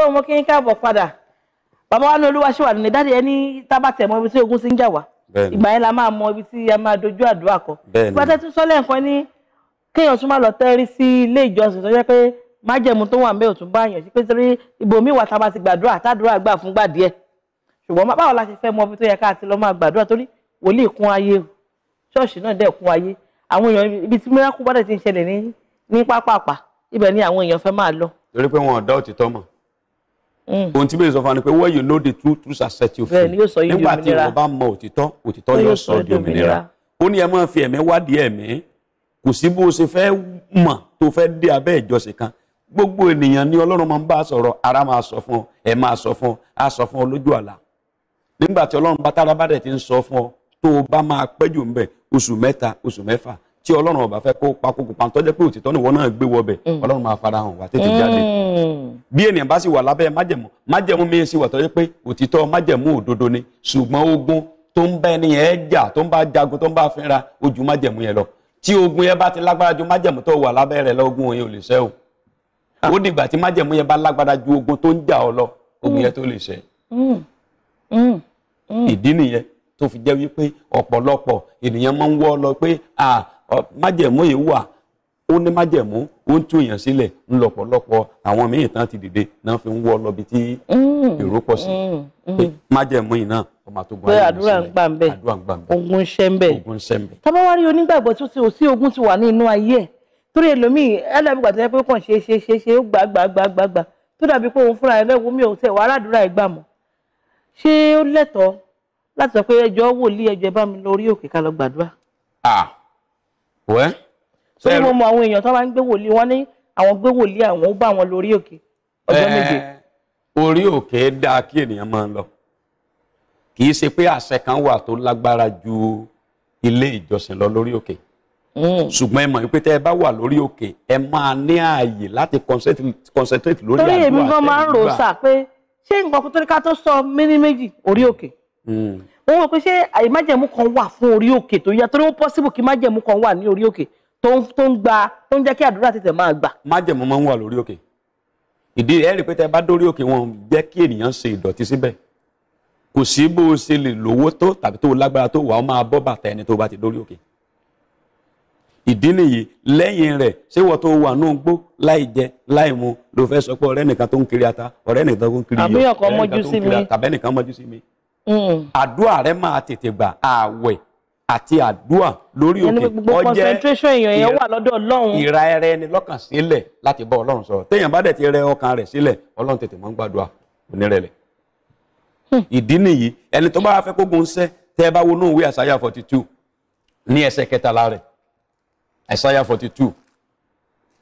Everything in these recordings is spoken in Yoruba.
so mo kí n káàbọ̀ padà bàbá wa ní Olúwaṣewà ní dáàdi ẹni tábà tẹ̀ mọ ibi tí ogun ti ń jà wá ìgbà yẹn la máa mọ ibi tí a máa dojú àdúrà kọ ìgbà tẹ́ tún sọ́lẹ̀ nǹkan ní kéèyàn tún máa lọ tẹ́rí sí ilé ìjọsìn tó jẹ́ pé májẹ̀mú tó wà ń bẹ́ ò tún bá yàn sí pé torí ibòmíì wà tá a bá ti gbàdúrà tádùrà gbà fúngbà díẹ̀ ṣùgbọ́n báwo la ṣe fẹ́ mọ ibi tó yẹ ká ti lọ máa gbàdúrà torí wòlíì kún ayé o ṣọ́ọ̀ṣì náà dẹ̀ kún ayé àwọn èèyàn ibi tí mìíràn bọ́dẹ̀ ti ń ṣẹlẹ̀ ní ní ibẹ̀ ni àwọn èèyàn fẹ́ máa lọ. torí pé wọn ò dá òtítọ́ mọ̀. Mm. ohun tí bẹ́ẹ̀ sọ fún wa ni pé where you know the truth truth shall set you free nígbà tí ìwọ bá mọ òtítọ́ òtítọ́ yóò sọ ọ́ di òmìnira ó ní ẹ máa fi ẹ̀mí wádìí ẹ̀mí kò sí bó o ṣe fẹ́ mọ̀ tó fẹ́ dé abẹ́ ìjọsìn kan gbogbo ènìyàn ni ọlọ́run máa ń bá sọ̀rọ̀ ara máa sọ fún ọ ẹ̀ máa sọ fún ọ á sọ fún ọ lójú àlá nígbà tí ọlọ́run bá tára bá dẹ̀ ti ń sọ fún ọ tó o bá máa pẹ́jù ńbẹ̀ oṣù mẹ́ta oṣù mẹ́fà tí ọlọ́run ọba fẹ́ kó pakoko pantọ́ jẹ́ pé òtítọ́ nìwọ náà gbé wọbẹ̀ mm. ọlọ́run máa fara hàn wá tètè jáde mm. bí ènìyàn bá sì wà lábẹ́ májẹ̀mú májẹ̀mú mi sì wà tó pé òtítọ́ májẹ̀mú òdodo ni ṣùgbọ́n ogun tó ń bá ènìyàn ẹ jà tó ń bá jagun tó ń bá fínra ojú májẹ̀mú yẹn lọ tí ogun yẹn bá ti lágbára ju májẹ̀mú tó wà lábẹ́ rẹ̀ lọ ogun yẹn ò lè ṣẹ́ o mm. ìdí nìyẹn tó fi jẹ́ wípé ọ̀pọ̀lọpọ̀ ènìyàn máa ń wọ́ ọ lọ pé májẹ̀mú yìí wà ó ní májẹ̀mú ó ń tú èèyàn sílẹ̀ ń lọ́pọ̀lọpọ̀ àwọn míì tán ti dìde náà fi ń wọ́ lọ́bi tí mm, èrò pọ̀ sí mm, mm. pé májẹ̀mú yìí náà ọmọ àtògùn ayé àdúrà ń gbà ń bẹ ogun ṣẹ́ ń bẹ ogun ṣẹ́ ń bẹ. tábà wá rí onígbàgbọ́ tó ti ò sí ogun ti wà ní inú ayé ẹ̀ torí ẹlòmíì ẹlẹ́bí gbàtẹ́ pé kàn ṣe ṣe ṣe ṣe ó gbà gbà gbà gbà gbà tó dàbí pé òun fúnra ẹlẹ́wọ̀n mi ò tẹ̀ wá àdúrà ẹ̀ gbà mọ́ ṣé ó lẹ́tọ̀ọ́ láti sọ pé ẹjọ́ wòlíì ẹjọ́ bá mi lọ orí òkè ká lọ gbàdúrà. ah wẹ́. torí mo mọ àwọn èèyàn tó máa ń gbé wòlíì wọn ní àwọn gbé wòlíì àwọn ó bá wọn lórí òkè ọjọ́ méje. orí òkè dáa kí ènìyàn máa ń lọ kì í ṣe pé àṣẹ kan wà tó lágbára ju ilé ìjọsìn lọ lórí òkè hmm. ṣùgbọ́n ẹ mọ̀ wípé tẹ́ ẹ bá wà lórí òkè ẹ máa ní ààyè láti concentrate lórí àdúrà torí èmi gan máa ń rò ó sà pé ṣé nǹkan tó ní ká tó sọ mí ní méjì orí òkè hmm mo wò pé ṣé àìmájẹ̀mú kan wà fún orí òkè tó yá torí ó possible kí májẹ̀mú kan wà ní orí òkè tó ń gba tó ń jẹ́ kí àdúrà tètè máa gbà. májẹ̀mú máa ń wà lórí òkè ìdí ẹ̀ rí pé tẹ bá dórí òkè wọn jẹ́ kí ènìyàn ṣe ìdọ̀tí síbẹ̀ kò sí bó o ṣe lè lówó tó tàbí tó o lágbára tó wà ó máa bọ́ bàtà ẹni tó bá ti dórí òkè ìdí nìyí lẹ́yìn rẹ̀ ṣé wọ́n tó wà ní gbó láì jẹ láì mu ló fẹ́ sọ pé ọ̀rẹ́ nìkan tó ń kiri ata ọ̀rẹ́ nìkan tó ń kiri iyọ̀ ọ̀rẹ́ nìkan tó ń kiri ata bẹ́ẹ̀ mọ́jú sí mi. Mm. àdúrà rẹ máa tètè gbà ààwẹ̀ àti àdúrà lórí òkè ọjẹ́ ìra ẹrẹ ẹni lọ́kàn sílẹ̀ láti bá ọlọ́run sọ̀rọ̀ téèyàn bá dẹ̀ ti rẹ ọkàn rẹ̀ sílẹ̀ ọlọ́run tètè máa ń gbàdúrà onírẹ̀lẹ̀ hmm. ìdí nìyí ẹni tó bá fẹ́ kógun ṣẹ́ tẹ́ ẹ bá wo nóòwe àṣàyà forty two ní ẹsẹ̀ kẹtàlá rẹ̀ àṣàyà forty two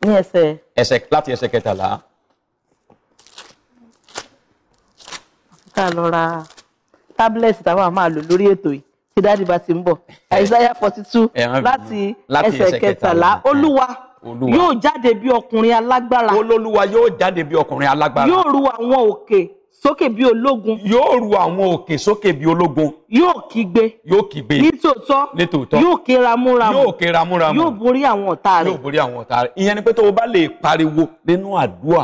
ní ẹsẹ̀ ẹsẹ̀ láti ẹsẹ̀ kẹtàlá. ká lọ tábìlẹ̀tì táwọn máa lò lórí ètò yìí tí dáàdì bá ti ń bọ̀ àìsáyà forty two láti ẹsẹ̀ kẹtàlá eh, olúwa yóò jáde bí ọkùnrin alágbára olólùwà yóò jáde bí ọkùnrin alágbára yóò ru àwọn òkè sókè bí ológun. yóò ru àwọn òkè sókè bí ológun. yóò kígbe. yóò kígbe. nítòótọ́. nítòótọ́. yóò ké ramúramù. yóò ké ramúramù. yóò borí àwọn ọ̀tá rẹ̀. yóò borí àwọn ọ̀tá rẹ̀. ìyẹn ni pé tó o bá lè pariwo nínú àdúrà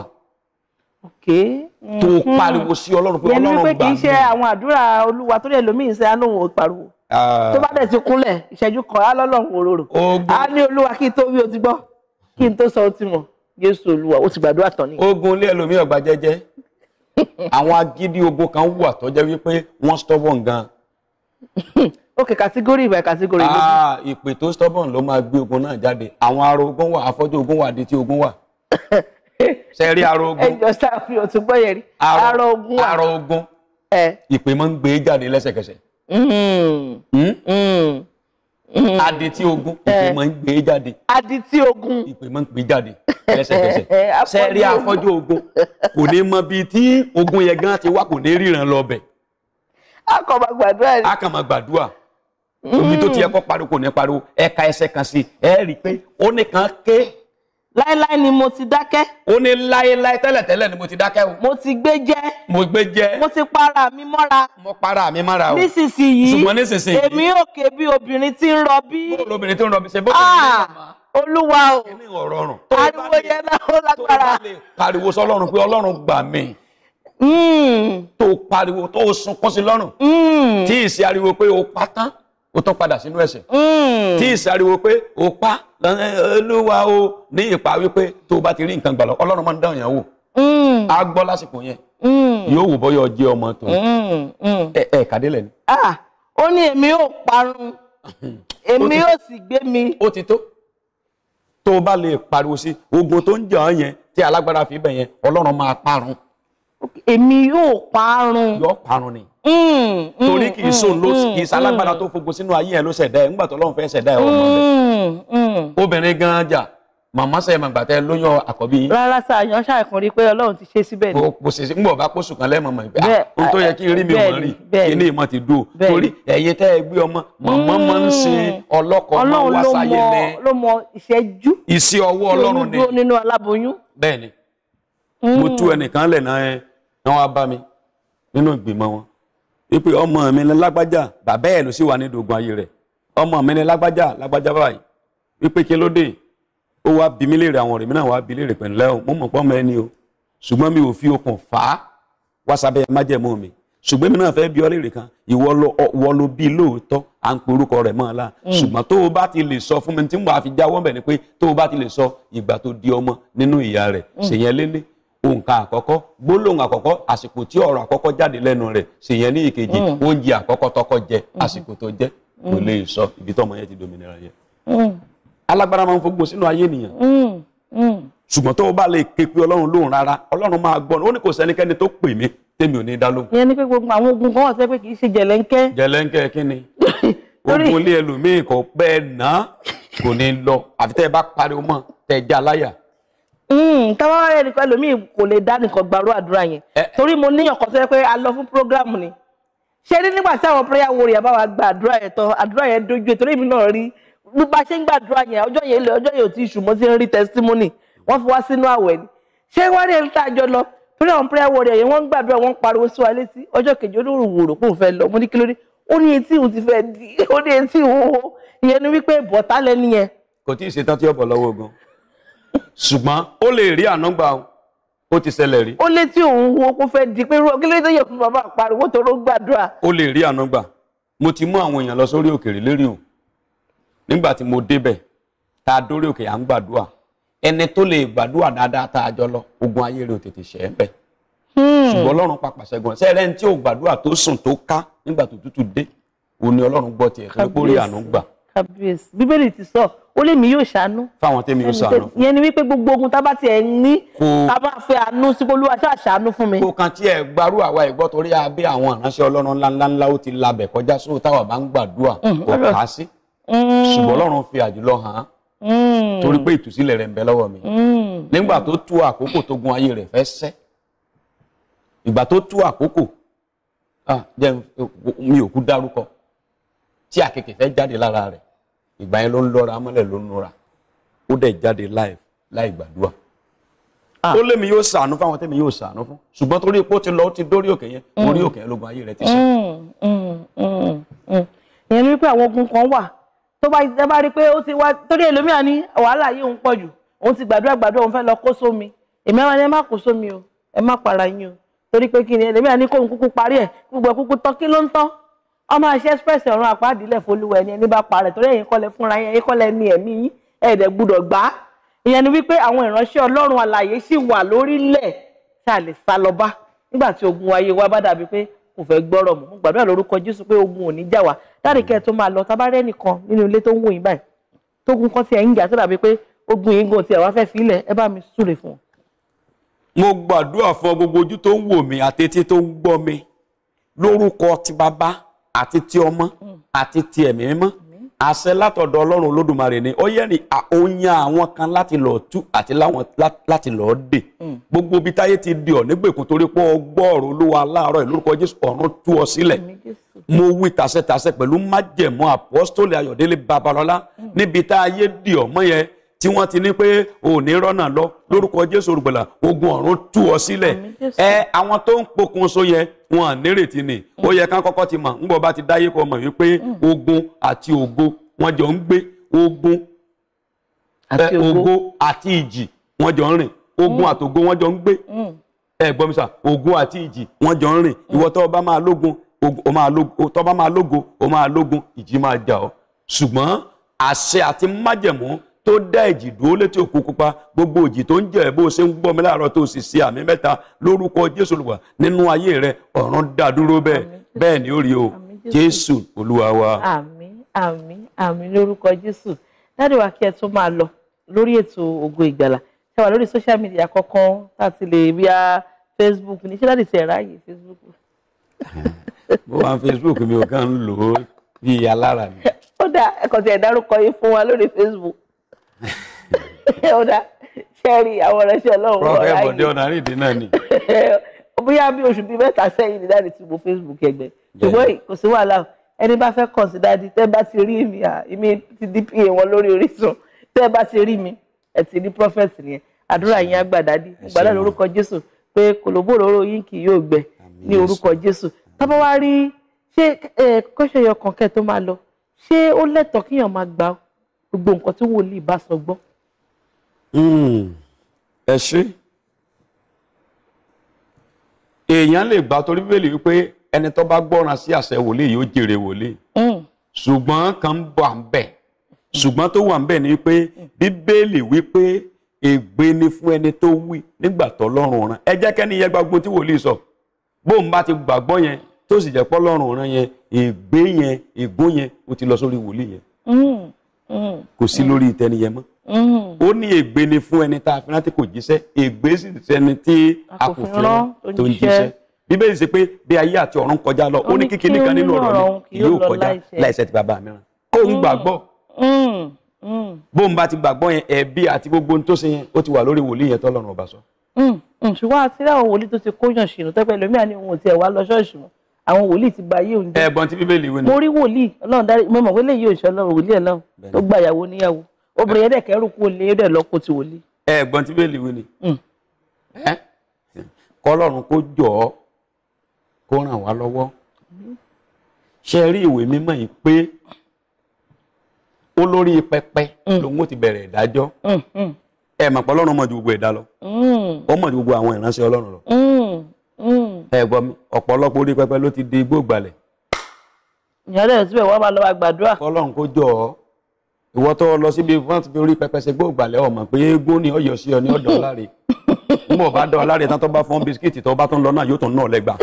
tó mhm. pariwo sí ọlọ́run pé ọlọ́run gbà mí. yẹn ni pé kì í ṣe àwọn àdúrà olúwa tó lè lómi ìṣe alóhùn ò pariwo ah. tó bá dẹ̀ ti kúnlẹ̀ ìṣẹ́jú kan á lọ́lọ́run òróró á ní olúwa kí n tó wí o ti gbọ́ kí n tó sọ ọtí mọ̀ jésù olúwa o ti gbàdúrà tán ni. ogun ilé ẹlòmíì ọgbà jẹjẹ àwọn agídí ogun kan wà tó jẹ́ wípé wọ́n stubborn gan. ok kàtígórì ìbàyẹ kàtígórì lójú. Ah, ìpè tó stubborn ló máa gbé ogun náà jáde àwọn ará ogun wà afọ́jú ogun wà adití ogun wà. ṣe rí arọ ogun ẹjọ sáfì ọtún gbọyẹ rí arọ ogun arọ ogun ìpè máa ń gbé jáde lẹ́sẹ̀kẹsẹ̀ hmm. Hmm? Hmm. adití ogun ìpè máa ń gbé jáde adití ogun ìpè máa ń gbé jáde lẹ́sẹ̀kẹsẹ̀ ṣe rí afọ́jú ogun kò ní mọ bíi tí ogun yẹn gan ti wá kò ní ríran lọ bẹ̀. a gbàdúrà ni a gbàdúrà ibi tó ti yẹ pariwo kò ní pariwo ẹ̀ka ẹsẹ̀ kan sí ẹ rí i pé ó nìkan ké láéláé ni mo ti dákẹ́. ó ní láéláé tẹ́lẹ̀tẹ́lẹ̀ ni mo ti dákẹ́ o. mo ti gbé jẹ́. mo gbé jẹ́. mo ti para mi mọ́ra. mo para mi mọ́ra o. nísinsìnyí ṣùgbọ́n nísinsìnyí. èmi ò ké bí obìnrin tí ń rọbí. bó lóbìnrin tí ń rọbí ṣe bó lóbìnrin ah, tí ń rọbí olúwa o kíní ọ̀rọ̀ ọ̀rùn ariwo yẹn náà ó lágbára pariwo sọ́lọ́run pé ọlọ́run gbà mí hmm. tó pariwo tó sunkún sí lọ́rùn hmm. tí ì ó tán padà sínú ẹ̀ṣẹ̀. Hmm. tí ìsariwo pé o pa eh, eh, olúwa o ní ìpa wípé tó o bá ti rí nǹkan gbà lọ ọlọ́run máa ń dán èèyàn wò á hmm. gbọ́ lásìkò yẹn hmm. yóò wò bọ́yọ̀ jẹ́ ọmọ tó ẹ kàdélẹ̀ ni. Ah, ó ní èmi yóò parun èmi yóò sì gbé mi. ó ti tó tó o bá lè pariwo sí ogun tó ń jà ọ́ yẹn tí alágbára fi bẹ̀ yẹn ọlọ́run máa parun. èmi yóò parun. yóò parun ni. Mm, mm, torí kì í sóun mm, ló kì í tó fogun sínú ayé ẹ ló ṣẹ̀dá ẹ ńgbà tó lọ́n fẹ́ ṣẹ̀dá ẹ ọmọ rẹ obìnrin gan jà màmá sẹ màgbà tẹ lóyún àkọ́bí. rárá sá yan ṣàìkún pé Ọlọ́run ti ṣe síbẹ̀ ni. kò sì sí kan mọ̀ ìgbà ah, ohun tó yẹ kí n rí mi rí ìmọ̀ ti dùn torí ẹ̀yẹ tẹ́ ẹ gbé ọmọ màmá máa ń ṣe ọlọ́kọ̀ ni wípé ọmọ mi ní lágbájá bàbá ẹ̀ ló sì wà ní ìdògùn ayé rẹ̀ ọmọ mi ní lágbájá lágbájá báyìí wípé kí ló dé ó wá bí mi léèrè àwọn ọ̀rẹ́ mi náà wá bí léèrè pẹ̀lẹ́ o mo mọ̀ pọ́ mọ ẹni o ṣùgbọ́n mi ò fi okùn fà á wá sábẹ́ májẹ̀mú mi ṣùgbọ́n mi náà fẹ́ bí ọ léèrè kan ìwọ ló wọ ló bí lóòótọ́ à ń porúkọ rẹ̀ mọ́ ọ mm. ṣùgbọ́n tó o bá ti lè sọ fún mi tí mo bá fi jáwọ́ bẹ̀ ni pé tó o bá ti lè sọ ìgbà tó di ọmọ nínú ìyá rẹ̀ mm. ṣèyẹn lélẹ̀ òǹkà àkọ́kọ́ gbólóhùn àkọ́kọ́ àsìkò tí ọ̀rọ̀ àkọ́kọ́ jáde lẹ́nu rẹ̀ sì yẹn ní ìkejì mm. oúnjẹ àkọ́kọ́ tọ́kọ́ jẹ mm. àsìkò tó jẹ kò mm. lè sọ ibi tọ́mọ yẹn ti dominira yẹn. alágbára máa ń fogbó sínú ayé nìyẹn ṣùgbọ́n tó o bá lè ké pé ọlọ́run lóhùn rárá ọlọ́run máa gbọ́ ó ní kò sẹ́nikẹ́ni tó pè mí tèmi ò ní dá lóhùn. ìyẹn ni pé gbogbo àwọn ni ogun ilé ẹlòmíì kò pẹ́ ná kò ní lọ àfi tẹ́ ẹ bá pariwo mọ́ tẹ́ Mm, táwọn ará ẹni pẹ́ lómi kò lè dá nìkan gbàrú àdúrà yẹn torí mo níyàn kan tó pé a lọ fún prógráàmù ni ṣe ní nígbà tí àwọn prayer warrior bá wa gba àdúrà yẹn tán àdúrà yẹn dojú ẹ torí èmi náà rí bí bá ṣe ń gbàdúrà yẹn ọjọ́ yẹn lè ọjọ́ yẹn ò tí ì ṣùgbọ́n ti ń rí testimony wọ́n fi wá sínú àwẹ̀ ni ṣé wọ́n rí ẹni tá a jọ lọ torí àwọn prayer warrior yẹn wọ́n ń gbàdúrà wọ́n ń pariwo sí wa létí ọjọ́ kejì olóòrùn wòrò kò fẹ́ lọ mo ní kí ló dé ó ní etí òun ti fẹ́ di ó ní etí òun ìyẹn ni wípé bọ̀tálẹ́ni yẹn. kò tí ì ṣetán tí ó lọ́wọ́ ogun ṣùgbọ́n ó lè rí ànágbà o ó ti ṣẹlẹ̀ rí. ó lé tí òun wo kó fẹ́ di pé kí ló dé yẹ fún bàbá àpariwo tó ló gbàdúrà. ó lè rí ànágbà mo ti mú àwọn èèyàn lọ sórí òkèèrè lérí o nígbà tí mo débẹ̀ tá a dórí òkè à ń gbàdúrà ẹni tó lè gbàdúrà dáadáa tá a jọ lọ ogun ayé rẹ ò tètè ṣẹ́ bẹ́ẹ̀ hmm. ṣùgbọ́n ọlọ́run papà ṣẹ́gun ẹ̀ sẹ́rẹ́ ní tí ò gbàdúrà tó sùn tó ká nígbà tó tútù dé òun ni ọlọ́run gbọ́ tiẹ̀ torí pé ó rí gbà kábíyèsí bíbélì ti sọ ó lè mí yóò ṣàánú. fáwọn tèmi yóò ṣàánú fún. yẹn ni wípé gbogbo ogun tá a bá tiẹ̀ ní ká bá fẹ́ àánú sí kó lúwa ṣáà ṣàánú fún mi. kò kàn tiẹ̀ gbarú àwa ìgbọ́ torí abẹ́ àwọn ìránṣẹ́ ọlọ́run ńláńláńlá ó ti labẹ̀ kọjá sóò táwa bá ń gbàdúrà mm, kò mm. kà á sí. Mm. ṣùgbọ́n ọlọ́run fi àjùlọ hàn án torí pé ìtúsílẹ̀ rẹ̀ ń bẹ lọ́wọ́ mi. nígbà tó tú àkókò tó gun ayé rẹ̀ fẹ́ sẹ́ ìgbà tó tú àkókò ah, mi ò kú dárúkọ tí àkekè fẹ́ jáde ìgbà yẹn ló ń lọ́ra mọ́lẹ̀ ló ń nura ó dẹ̀ jáde live láì gbàdúrà ah. ó lémi yóò ṣàánú fáwọn tẹ́mi yóò ṣàánú fún ṣùgbọ́n torí pé ó ti lọ ó ti dórí òkè yẹn orí mm. òkè yẹn lógun ayé rẹ ti ṣe. Mm, mm, ìyẹn ni wípé àwọn ogun kan wà tó bá ẹ bá rí i pé ó ti wá torí ẹlòmíà ní wàhálà yìí òun pọ̀ jù òun ti gbàdúrà gbàdúrà òun fẹ́ lọ kó sómi èmi àwọn ẹ má kó sómi o ẹ má para yín o torí pé kí ni ẹlòmíà ní kóun kúkú parí ẹ gbogbo kúkú tán kí ló ń tán ọmọ àṣẹ express ọ̀run àpáàdílẹ̀ folúwa ẹni ẹni bá parẹ̀ torí ẹ̀yin kọ́lẹ̀ fúnra yẹn ẹ̀yin kọ́lẹ̀ ní ẹ̀mí yín ẹ̀ẹ́dẹ̀ gbúdọ̀ gbá ìyẹn ni wípé àwọn ìránṣẹ́ ọlọ́run àlàyé sì wà lórílẹ̀ tá a lè sá lọ bá nígbà tí ogun ayé wa bá dàbí pé kò fẹ́ gbọ́rọ̀ mọ́ mo gbàdúrà lórúkọ jésù pé ogun ò ní jà wá dáàrí kẹ́ ẹ tó máa lọ tábàárẹ́ nìkan nínú ilé tó ń wò yín báyìí tógun kan ti ẹ̀ ń jà tó dàbí pé ogun yìí gan ti ẹ̀ wá fẹ́ sílẹ̀ lórúkọ ti bàbá àti ti ọmọ mm. àti ti ẹ̀mí mímọ́ àṣẹ látọ̀dọ̀ ọlọ́run olódùmarè ni ó yẹ́rìn àoyan àwọn kan láti lọ́ọ́ tú àti láti lọ́ọ́ dè mm. gbogbo ibi táyé ti di ọ̀nígbèkùn torí pé ọgbọ́ ọ̀rọ̀ olúwa aláàárọ̀ ìlórúkọ jésù ọ̀run tú ọ sílẹ̀ mo wí tàṣẹtàṣẹ pẹ̀lú májẹ̀mú àpọ́sítólì ayọ̀délé babalọ́lá mm. níbi tá a yé di ọmọ yẹn tí wọ́n ti ní pé òní rọ́nà lọ lórúkọ jésù olùgbàlà ogun ọ̀run tú ọ sílẹ̀ ẹ àwọn tó ń pokùnso yẹn wọn nírètí ni ó yẹ ká kọ́kọ́ ti mọ̀ ńgbọ́ bá ti dáyé kọ́ mọ̀ wípé mm. ogun àti ògo wọn jọ ń gbé ogun ògo àti ìjì wọn jọ ń rìn ogun mm. àtògo wọn jọ ń gbé mm. ẹ gbọ́ mi sà ogun àti ìjì wọn jọ ń rìn ìwọ tó bá máa lógun tó bá máa lógo ó máa lógun ìjì máa jà ọ́ ṣùgbọ́n àṣẹ àti májẹ̀mú tó dá ìjì dúró létí òkú pupa gbogbo òjì tó ń jẹ bó ṣe ń gbọ́ mi láàárọ̀ tó sì ṣe àmì mẹ́ta lórúkọ jésù olùwà nínú ayé rẹ ọ̀run dá dúró bẹ́ẹ̀ bẹ́ẹ̀ ni ó rí o jésù olúwa wa. àmín àmín àmín lórúkọ jésù dáàdì wa kí ẹ tún máa lọ lórí ètò ògo ìgbàlà ṣe wà lórí social media kankan láti lè rí a facebook ní ṣé dáàdì ti ẹ̀ ráàyè facebook. mo wá facebook mi ò kàn ń lò ó bíi alára mi. ó dà ẹ̀kọ́ ti ẹ̀ dárúkọ yín fún wa lórí facebook. ọ̀dà ṣẹ́ẹ̀rì àwọn ọ̀rẹ́ṣẹ́ ọlọ́run ọ̀rá yìí. prọfẹ̀t bọ̀dé ọ̀nà àrídìí náà ni. bóyá bí oṣù bíi mẹ́ta sẹ́yìn ni dáàdi ti wo facebook ẹgbẹ́ ṣùgbọ́n kò sí wàhálà ẹni bá fẹ́ kàn sí dáàdi tẹ́ bá ti rí mi èmi ti dpa wọn lórí orísun tẹ́ bá ti rí mi ẹ̀ ti ní prọfẹ̀t nìyẹn àdúrà yín àgbà dáàdi ìgbàlá lórúkọ jésù pé kòlóbó òróró yín kì yóò gbẹ ní orúkọ jésù tọ́bọ̀ wá rí ṣé kọ́ṣẹ́ yọkàn kẹ́ tó máa lọ ṣé ó lẹ́tọ̀ọ́ kíyàn máa gbà ó gbogbo nǹkan tí wòlíì bá sọ gbọ́. Hmm. ẹ ṣe èèyàn lè gbà torí bíbélì wípé ẹni tó bá gbọ́ràn sí àṣẹ wòlíì yóò jèrè wòlíì hmm. ṣùgbọ́n kan wà ń bẹ̀ ṣùgbọ́n tó wà ń bẹ̀ ni wípé bíbélì wípé ègbé ni fún ẹni tó wí nígbà tó lọ́rùn rán ẹ jẹ́ kẹ́ni yẹ gbàgbọ́ tí wòlíì sọ bóun bá ti gbàgbọ́ yẹn tó sì jẹ́ pọ́ lọ́rùn rán yẹn ègbé yẹn ègbó yẹn ó ti lọ sórí wòlíì yẹn. Hmm kò sí lórí ìtẹniyẹ mọ́ ó ní ègbé ni fún ẹni tá a fi rántí kò jíṣẹ́ ègbé sì sẹni tí a kò fi rán tó ń jíṣẹ́ bíbélì ṣe pé bí ayé àti ọ̀run kọjá lọ ó ní kíkiri kan nínú ọ̀rọ̀ mi yóò kọjá láìṣẹ̀ ti bàbá mi rán kó ń mm. gbàgbọ́ mm. Mm. bó ń bá ti gbàgbọ́ yẹn ẹ̀bi àti gbogbo tó ṣe yẹn ó ti wà lórí wòlíì yẹn tọ́lọ́run ọba sọ. ṣùgbọ́n àti láwọn wòlíì tó ti kóyàn ṣìnà tẹ́pẹ́ lómi àní òun ò tiẹ̀ wá lọ ṣọ́ọ̀ṣì mọ́ àwọn wòlíì ti ba ayé òun jẹ́. ẹ̀gbọ́n ti bíbélì wo ni. mo rí wòlíì ọlọ́run dárí mo mọ̀ pé lè yí òṣìṣẹ́ ọlọ́run wòlíì ọlọ́run tó gba ìyàwó níyàwó obìnrin yẹn dẹ̀ kẹ́rù kú olè yẹn dẹ̀ lọ́kọ ti wòlíì. ẹ̀gbọ́n ti bíbélì wo ni. Hmm. kọ́lọ́run kó jọ ọ́ kó ràn wá lọ́wọ́ ṣe rí ìwé mímọ́ yìí pé ó lórí pẹpẹ hmm. lòun ó ti bẹ̀rẹ̀ ìdájọ́ hmm, ẹ̀ mọ̀ ọlọ́run mọ̀ ju gbogbo ẹ̀dá lọ ó mọ̀ ju gbogbo àwọn ìránṣẹ́ ọlọ́run lọ ẹ̀gbọ́n mi ọ̀pọ̀lọpọ̀ orí pẹpẹ ló ti di igbó gbalẹ̀. ìyẹn lẹ́yìn síbẹ̀ wọ́n máa lọ gbàdúrà. Ọlọ́run kó jọ ọ ìwọ tó lọ síbi wọ́n ti fi orí pẹpẹ ṣe igbó gbalẹ̀ ọmọ pé eégún ni ọyọ sí ọ ní ọ̀dọ̀ ọláre n bò bá dọ ọláre tán tó bá fún bisikíìtì tó bá tún lọ náà yóò tún náà lẹgbàá.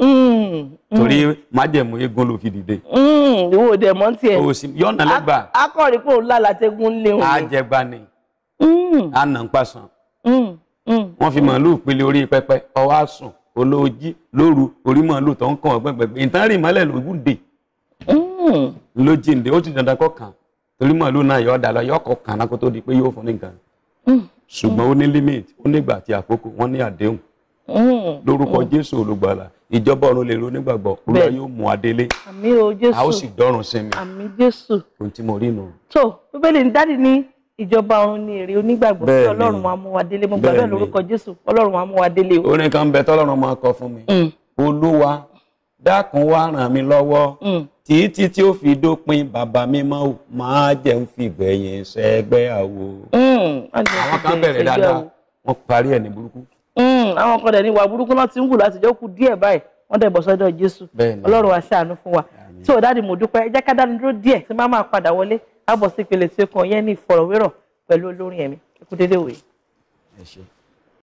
Mm-hmm. torí májẹ̀mú eégún ló fi dìde. Mm-hmm. ìwọ òde mọ tiẹ̀ yọ̀nà lẹ́gbàá. akọrin pé òun lálàtẹ̀gùn léwu. àjẹgbani ànà mm-hmm. ń pàṣán. Mm. wọ́n fi màálù pele orí pẹpẹ ọwọ́ àsùn olóòjì lóru orí màálù tó ń kàn ọ́ pẹ́pẹ́pẹ́ ìtàn rìn mọ́lẹ̀ lójúde mm. lójúde ó ti dandan kọ́ kàn torí màálù náà yọ ọ̀dà lọ yọ ọkọ̀ kàn náà kó tó di pé yóò fún ní nǹkan mm. ṣùgbọ́n ó ní límìtì ó nígbà àti àkókò wọ́n ní àdéhùn lórúkọ Jésù olùgbàlà ìjọba ọ̀run lè ro nígbàgbọ́ olúwa yóò mú adélé àmì o Jésù a ó sì dọ́run sinmi àmì Jésù ohun tí mo rí nù. tó Bíbélì ń dádì ní ìjọba ọ̀run ni èrè onígbàgbọ́ tí ọlọ́run máa mú wa délé mo gbàgbọ́ lórúkọ jésù ọlọ́run máa mú wa délé o. orin kan bẹ tọ́lọ́run máa kọ fún mi mm. olúwa dákun wá ràn mí lọ́wọ́ mm. títí tí ó fi dópin bàbá mi máa jẹ́ ń fi gbẹ̀yìn sẹ́gbẹ́ àwo. Mm. àwọn kan bẹ̀rẹ̀ dáadáa wọ́n parí ẹ̀ ní burúkú. àwọn kan dẹ̀ ní ìwà burúkú náà ti ń wù láti jẹ́ kú díẹ̀ báyìí wọ́n dẹ̀ bọ́ sọ́dọ̀ jésù ọlọ́run wá ṣàánú fún wa tí ò dáàdì mo dúpẹ́ ẹ jẹ́ ká dáni díẹ̀ tí má máa padà wọlé àbọ̀ sí ìpele tí ó kàn yẹn ní ìfọ̀rọ̀wérọ̀ pẹ̀lú olórin ẹ̀mí ẹ kú wòye. ẹ ṣe